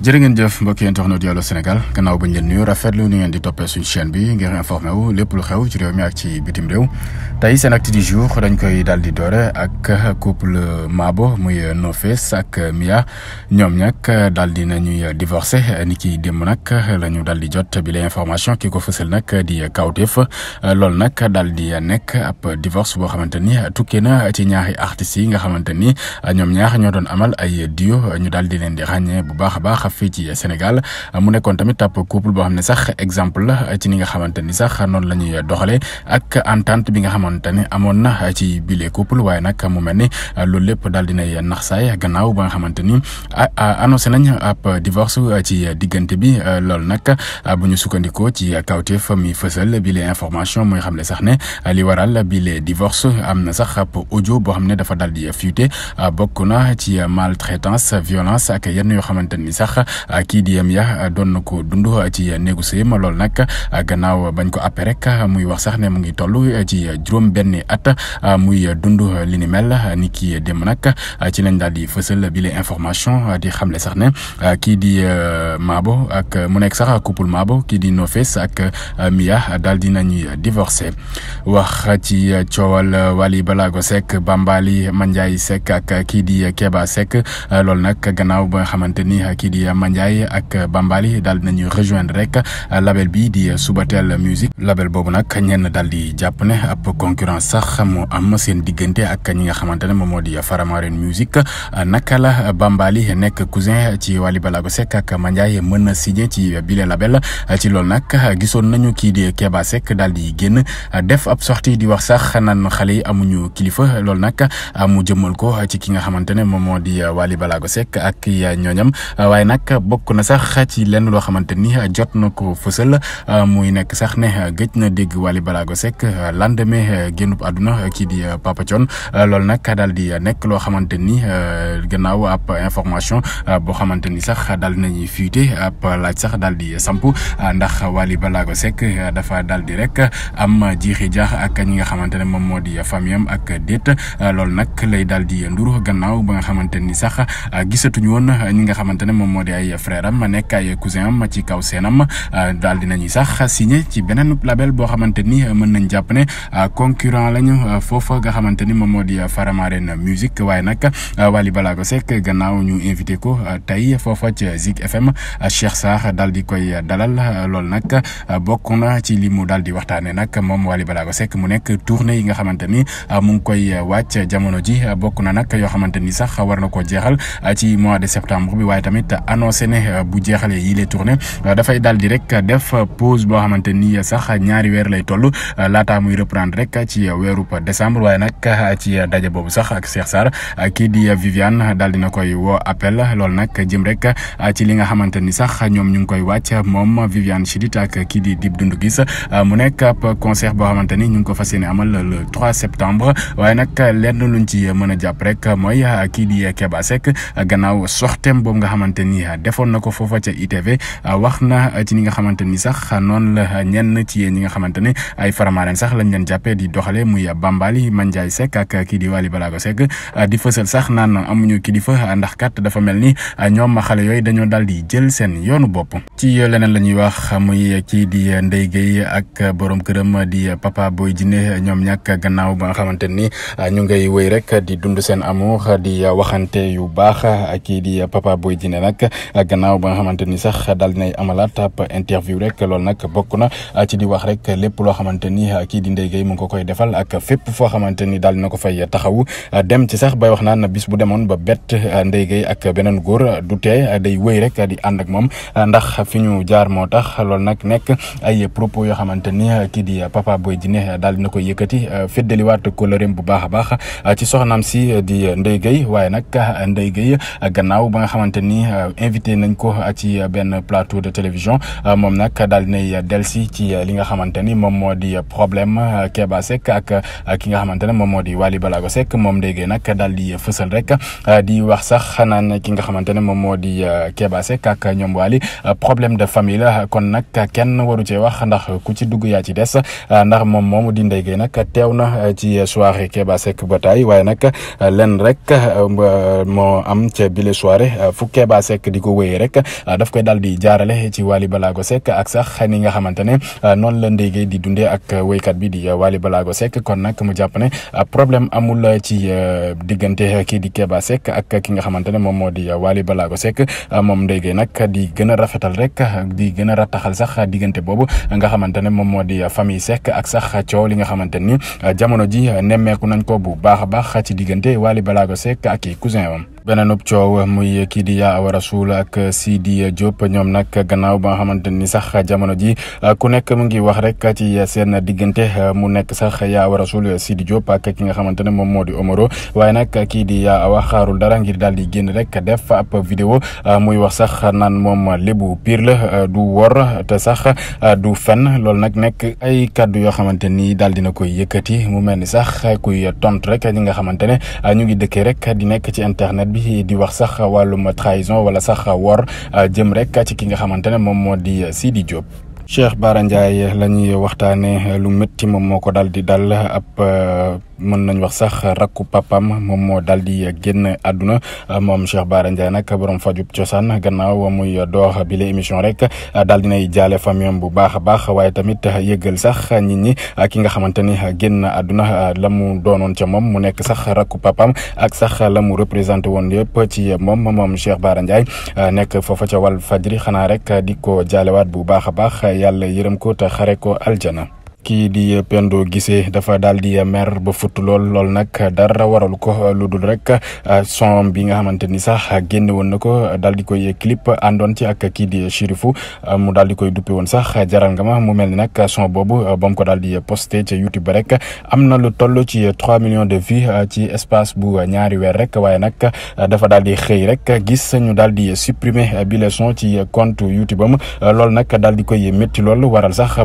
jërë ngeen jëf mbokki internet Allô Sénégal gannaaw bañ leen nuyu rafetlu ni ngeen di toppee suñu chaîne bi ngir informé wu lépp lu xew ci réew mi ak ci bitim réew tey seen acte du jour dañ koy daal di doore ak couple Mabo muy No Face ak Mia ñoom nag daal di nañuy divorcé ni ki démb nag la ñu daal di jot bi la information ki ko fësal nag di kawteef loolu nag daal di nekk ab divorce boo xamante ni tukkee na ci ñaari artistes yi nga xamante ni ñoom ñaar ñoo doon amal ay duo ñu daal di leen di ràññee bu baax baax fii ci Sénégal mu nekkoon tamit ab couple boo xam ne sax exemple la ci ni nga xamante ni sax noonu la ñuy doxalee ak entente bi nga xamante ne amoon na ci bile couple waaye nag mu mel ni loolu lépp daal dinay naxsaay gannaaw ba nga xamante ni annoncé nañ ab divorce ci diggante bi loolu nag bu ñu sukkandikoo ci kawteef mi fësal bile information mooy xam ne sax ne li waral bile divorce am na sax ab audio boo xam ne dafa daal di fuité bokk na ci sax kii di yam ya doon na ko dund ci néegu sëyam loolu nag gannaaw bañ ko àppe rek muy wax sax ne mu ngi toll ci juróom benn at muy dund li ni mel ni ki dem nag ci lañ daal di bi les information di xamle sax ne kii di euh, Mabo ak mu nekk sax couple Mabo kii di Nofees ak euh, Mia daal di nañuy divorcé wax ci coowal Wally Balago Seck Bambali Mandiaye Seck ak kii di Keba Seck loolu nag gannaaw ba nga kii di Mariama Ndiaye ak Bambali daal dinañu rejoindre rek label bi di Subatel Music label boobu nag ñenn daal di jàpp ne ab concurrence sax moo am seen diggante ak ñi nga xamante ne moom moo di Faramareen Music naka la Bambali nekk cousin ci Wally Ballago Seck ak Mandiaye mën na signé ci bile label ci loolu nag gisoon nañu kii di Keba Seck daal di génn def ab sortie di wax sax naan xale yi amuñu kilifa loolu nag mu jëmmal ko ci ki nga xamante ne moom moo di Wally Ballago Seck ak ñooñam waaye nag nag bokk na sax ci lenn loo xamante ni jot na ko fësal euh, muy nekk sax ne euh, gëj na dégg Wally Balago Seck euh, lendemain génnub àdduna kii di Papa Thione loolu nag daal di nekk loo xamante ni gannaaw ab information boo xamante ni sax daal di nañuy fuité ab laaj sax di samp ndax Wally Balago Seck dafa daal di rek am jiixi jaax ak ñi nga xamante ne moom moo di famille am ak déet loolu nag lay daal di nduru gannaaw ba nga xamante sax gisatuñu woon ñi nga xamante moom moo di di ay frère am nekk ay cousin am ci kaw seenam euh, daal dinañuy sax signé ci beneen label boo xamante ni euh, mën nañ jàpp ne euh, concurrent lañu foofa nga xamante ni moom moo di Faramaren Musique waaye nag Wally Ballago Seck gannaaw ñu invité ko tey foofa ci Zik Cheikh Sarr daal di koy dalal loolu nag bokk na ci li mu daal di waxtaanee nag moom Wally Ballago Seck mu nekk tournée yi nga xamante ni mu ngi koy wàcc jamono ji bokk na nag yoo xamante ni sax war na jeexal ci mois de septembre bi waaye tamit. annoncé ne euh, bu jeexalee yi lay tourné euh, dafay daal di rek def pause boo xamante ni sax ñaari weer lay toll euh, laataa muy reprendre rek ci weeru décembre waaye nag ci daje boobu sax ak Cheikh Sarr di Viviane daal dina koy woo appel loolu nag jëm rek ci li nga xamante ni sax ñoom ñu ngi koy wàcc moom Viviane Chidid ak kii di Dip Doundou Guiss mu nekk ab concert boo xamante ni ñu ngi ko fas yéene amal la 3 septembre waaye nag lenn luñ ci mën a jàpp rek mooy kii di Keba Seck gannaaw soxteem boobu nga xamante defoon na ko foofa ca ITV ah, wax na ci ni nga xamante ni sax noonu la ñenn ci ñi nga xamante ne ay faramaaren sax lañ leen jàppee di doxalee muy Bambali Mandiaye Seck ak kii di Waly Balago Seck ah, di fësal sax naan amuñu kilifa ah, ndax kat dafa mel ni ñoom xale yooyu dañoo daal di jël seen yoonu bopp. ci leneen la ñuy wax muy kii di Ndeye Gueye ak borom këram di Papa Boy Djiné ñoom ñàkk gannaaw ba nga xamante ni ñu ngay wéy rek di dund seen amour di waxante yu gannaaw ba nga xamante ni sax dal dinay amalaat ab interview rek loolu nag bokk na ah, ci di wax rek lépp loo xamante ni ah, kii di Ndeye Gueye mu ngi ko koy defal ak fépp foo xamante ni daal dina ko fay taxawu ah, dem ci sax bay wax naan bis bu demoon ba bett Ndeye ak beneen góor du tee day wëy rek di ànd ak moom ndax fi ñu jaar moo tax loolu nag nekk ay propos yoo xamante ni kii di Papa Boy Djiné daal dina koy yëkkati feddaliwaat kóllëreem bu baax a baax ci soxnaam si di Ndeye Gueye waaye nag Ndeye Gueye gannaaw ba nga xamante invité nañ ko ci benn plateau de télévision euh, moom nag daal dinay delsi ci li nga xamante ni moom moo di problème euh, Keba Seck ak euh, ki nga xamante ne moom moo di wali Balago sek moom déggee nag daal di fësal rek di wax sax naan ki nga xamante ne moom moo di Keba Seck ak ñoom wali problème de famille la kon nag kenn waru cee wax ndax ku ci dugg yaa ci des ndax moom moomu di ndéggee nag teew na ci soirée Keba sek ba taay waaye nag lenn rek mo am ca bile soirée fu Keba Seck nekk di ko wéyee rek ah, daf koy daal di jaarale ci Wally Balago sek ak sax ni nga xamante ne ah, noonu la Ndeye di dundee ak wéykat bi di Wally Balago Seck kon nag mu jàpp ne ah, problème amul ci diggante kii di Keba Seck ak ki nga xamante ne moom moo di Wally Balago Seck moom Ndeye nag di gën a rafetal rek di gën a rattaxal sax diggante boobu nga xamante ne moom moo di famille Seck ak sax coow li nga xamante ni jamono ji nemmeeku nañ ko bu baax a baax ci diggante Wally Balago sek ak i cousin am beneen ub coow muy kii di Yaa Awa Rassoul ak Sidi Diop ñoom nag gannaaw ba nga xamante ni sax jamono ji ku nekk mu ngi wax rek ci seen diggante mu nekk sax Yaa Awa Rassoul Sidi Diop ak ki nga xamante ne moom moo di Omaro waaye nag kii di Yaa Awa xaarul dara ngir daal di génn rek def ab vidéo muy wax sax naan moom lébu pire la du wor te sax du fen loolu nag nekk ay kaddu yoo xamante ni daal dina koy yëkkati mu mel ni sax kuy tont rek ñi nga xamante ne ñu ngi dëkkee rek di nekk ci bi. bi di wax sax wàllum trahison wala sax wor euh, jëm rek ci ki nga xamante ne moom moo di euh, Sidi Diop. Cheikh Bara Ndiaye la ñuy waxtaanee lu métti moom moo ko daal di dal ab euh, mën nañ wax sax rakku papam moom moo daal di génn àdduna moom Cheikh Bara Ndiaye nag borom fajub cosaan gannaaw muy doox bi émission rek daal dinay jaale famille bu baax a baax waaye tamit yëggal sax nit ñi ki nga xamante ni génn àdduna la mu doonoon ca moom mu nekk sax rakku papam ak sax la mu représenté woon yëpp ci moom moom Cheikh Bara Ndiaye nekk foofa ca Walf Fadjri xanaa rek di ko jaalewaat bu baax a baax. yàlla yërëm ko te xare ko aljana kii di Pendo Guissé dafa daal di mer ba futt lool lool nag dara waral ko lu dul rek ah, son bi nga xamante ni sax génne woon na ko dal di koy clip àndoon ci ak kii di Chérifou ah, mu daal di koy duppe woon sax jaral nga ma mu mel ni nag son boobu ah, ba mu ko daal di posté ci YouTube rek am na lu toll ci trois millions de vues ci espace bu ñaari weer rek waaye nag dafa daal di xëy rek gis ñu daal di supprimer bile son ci compte YouTube mu loolu nag daal di koy métti lool waral sax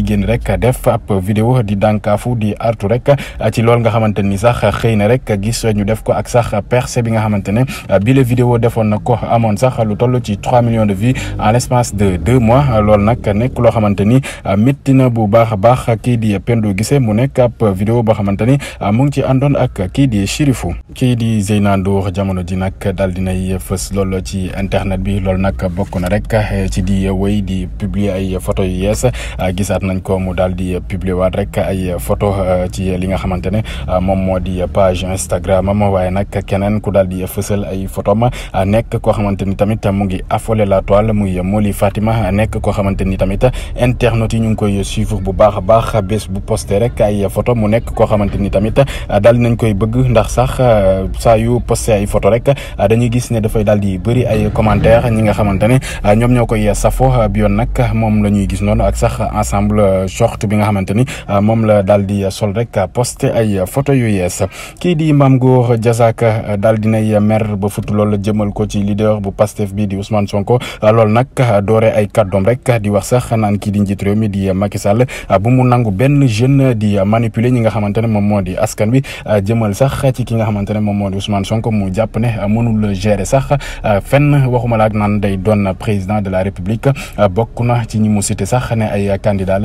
di génn rek def ab vidéo di dànkaafu di artu rek ci loolu nga xamante ni sax xëy na rek gis ñu def ko ak sax percé bi nga xamante ne bi vidéo defoon na ko amoon sax lu toll ci trois millions de vues en l'espace de deux mois loolu nag nekk loo xamante ni métti na bu baax a baax kii di Pendo Guissé mu nekk ab vidéo a xamante ni mu ngi ci àndoon ak kii di Chérifou kii di ci internet bi loolu a bokk na rek ci di wéy di publier nañ ko mu daal di publier waat rek ay photo euh, ci li nga xamante ne euh, moom moo di page Instagram am waaye nag keneen ku daal di ay photo ma euh, nekk koo xamante ni tamit mu ngi affolé la toile muy Moli Fatima nekk koo xamante ni tamit internautes yi ngi koy suivre bu baax a baax bés bu posté rek ay photo mu nekk koo xamante ni tamit daal di nañ koy bëgg ndax sax saa yu posté ay photo rek dañuy gis ne dafay daal di bëri ay commentaire ñi nga xamante ne ñoom ñoo koy safo bi yoon moom la gis noonu ak sax ensemble Euh, sol bi nga xamante ni euh, moom la daal di sol rek euh, posté ay photo yu s kii di Mame Gor Diazaka daal dinay mer ba futu lool jëmal ko ci leader bu Pastef bi di Ousmane Sonko loolu nag doore ay kàddoom rek di wax sax naan kii di njiit réew mi di Macky Sall bu mu nangu benn jeune di manipule ñi nga xamante ne moom moo di askan wi jëmal sax ci ki nga xamante ne moom moo di Ousmane Sonko mu jàpp ne mënul gérer sax fenn waxuma la ak naan day doon président de la République bokk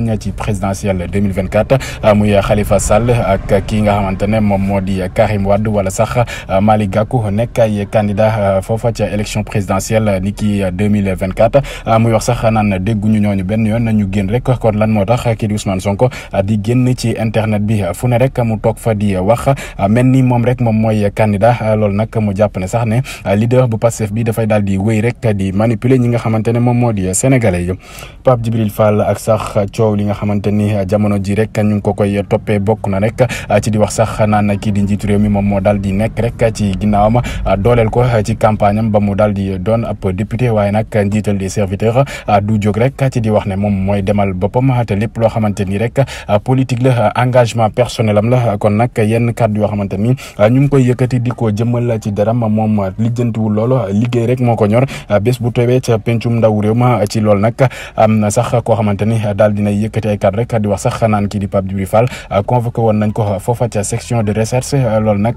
nañ ci présidentielle 2024 euh, muy Khalifa Sall ak kii nga xamante ne moom moo di Karim Wade wala sax euh, Malick Gakou nekk ay candidat euh, foofa ca élection présidentielle ni ki 2024 muy wax sax naan dégguñu ñooñu benn yoon nañu génn rek kon lan moo tax kii di Ousmane Sonko di génn ci internet bi fu ne rek mu toog fa di wax mel ni moom rek moom mooy candidat loolu nag mu jàpp ne sax ne leader bu Pastef bi dafay daal di wéy rek di manipuler ñi nga xamante ne moom moo di sénégalais yi Pape coow li nga xamante ni ah, jamono ji rek ñu ngi ko koy toppee bokk na rek ah, ci di wax sax naan kii di njiitu réew mi moom moo daal di nekk rek ci ginnaawam ah, dooleel ko ci campagne am ba mu daal di doon ab député waaye nag njiital des serviteurs du jóg rek ci di wax ne moom mooy demal boppam te lépp loo xamante ni rek politique la engagement personnel am la kon nag yenn kàddu yoo xamante ni ñu ngi koy yëkkati di ko a ci daram moom lijjantiwul loolu liggéey rek moo ko ñor bés bu tooyee ca pencum ndaw réew ma ci loolu nag am na yëkkati ay kàddu rek di sax naan kii di Pape Djibril Fall euh, convoqué woon nañ ko euh, foofa ca section de recherche euh, loolu nag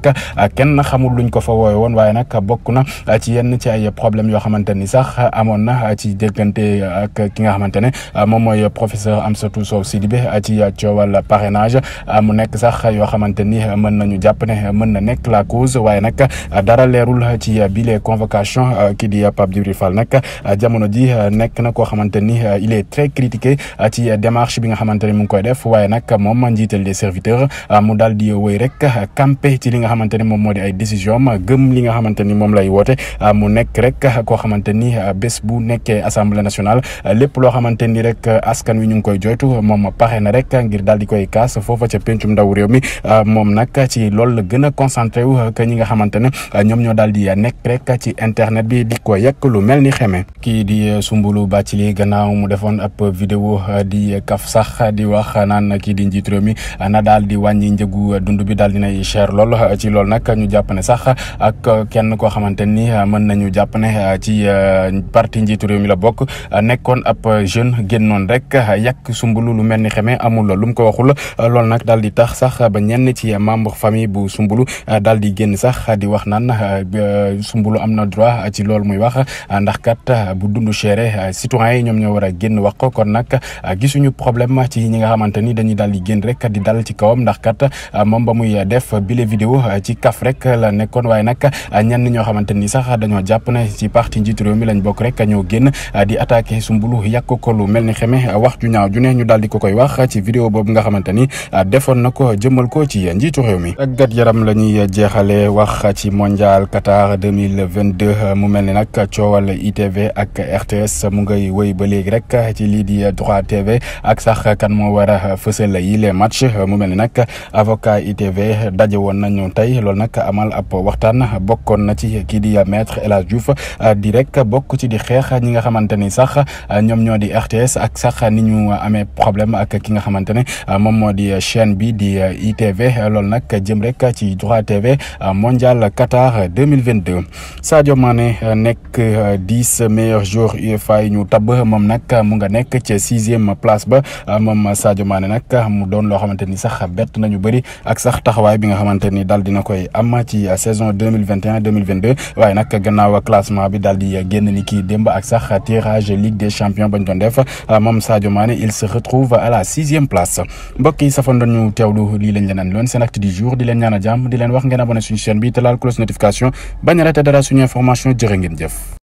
kenn xamul luñ ko fa woowe woon waaye nag bokk na ci yenn ci ay problème yoo xamante ni sax amoon na ci déggante ak ki nga xamante ne moom mooy professeur Amsatou Sow Sidibé ci coowal parrainage mu nekk sax yoo xamante ni mën nañu jàpp ne mën na nekk la cause waaye nag dara leerul ci bile convocation kii di Pape na koo xamante ni il est démarche bi nga xamante ne mu ngi koy def waaye nag moom njiital des serviteurs ah, mu daal di wéy rek ah, campé ci li nga xamante moom moo di ay décision am ah, gëm li nga xamante ni moom lay woote mu nekk rek koo xamante ni bés bu nekkee assemblée nationale lépp loo xamante ni rek askan wi ñu ngi koy joytu moom pare na rek ngir daal di koy kaas foofa ca pencum ndaw réew mi moom nag ci loolu la gën a concentré wu que ñi nga xamante ne ñoom ñoo daal di nekk rek ci internet bi di ko yekk lu mel ni xeme kii di eh, Soumboulou Bathily gannaaw mu defoon ab di kaf sax di wax naan kii di njiit réew mi na daal di wàññi njëgu dund bi daal di nay cher lool eh, ci loolu nag ñu jàpp ne sax ak kenn koo xamante ni eh, mën nañu jàpp ne eh, ci parti njiitu réew la bokk nekkoon ab jeune noon rek yàq sumbulu lu mel ni xamee amul lu mu ko waxul loolu nag daal di tax sax ba ñenn ci membre famille bu sumbulu daal di génn sax di wax naan sumbulu am na droit ci loolu muy wax ndax kat bu dundu chéré citoyen yi ñoom ñu problème ci ñi nga xamante ni dañuy daal di génn rek di dal ci kawam ndax kat euh, moom ba muy def bile vidéo euh, ci kaf rek la nekkoon waaye nag euh, ñenn ñoo xamante ni sax dañoo jàpp na ci parti njiitu réew mi lañ bokk rek ñoo génn di attaqué Soumboulou yàq ko lu mel ni xeme wax ju ñaaw ñu daal di ko koy wax ci vidéo boobu nga xamante ni defoon na ko jëmal ko ci njiitu réew mi. tàggat yaram la ñuy jeexale wax ci mondial mille Qatar 2022 mu mel ni nag coowal ITV ak RTS mu ngay wëy ba léegi rek ci lii di 3TV ak sax kan moo war a fësal yi les match mu mel ni nag avocat ITV daje woon nañu tey loolu nag amal ab waxtaan bokkoon na ci kii di maître El Hadj Diouf di rek bokk ci di xeex ñi nga xamante ni sax ñoom ñoo di RTS ak sax ni ñu amee problème ak ki nga xamante ne moom moo di chaîne bi di e ITV loolu nag jëm rek ci 3TV mondial Qatar 2022 Sadio Mané nekk dix meilleurs joueurs UEFA yi ñu tabb moom nag mu nga nekk ci sixième place. ba ah, moom Sadio Mané nag ah, mu doon loo xamante ni sax bett nañu bëri ak sax taxawaay bi nga xamante ni daal dina koy am ci ah, saison deux mille vingt et un deux mille vingt deux waaye nag gannaaw classement bi daal di génn ni kii démb ak sax tirage Ligue des champions bañ doon def moom Sadio Mané il se retrouve à la sixième place mbokk yi safandoon ñu teewlu di leen ñaan a jàmm di leen wax ngeen abonné suñu chaîne bi te laal cloche notification a raté dara suñu information jërë ngeen jëf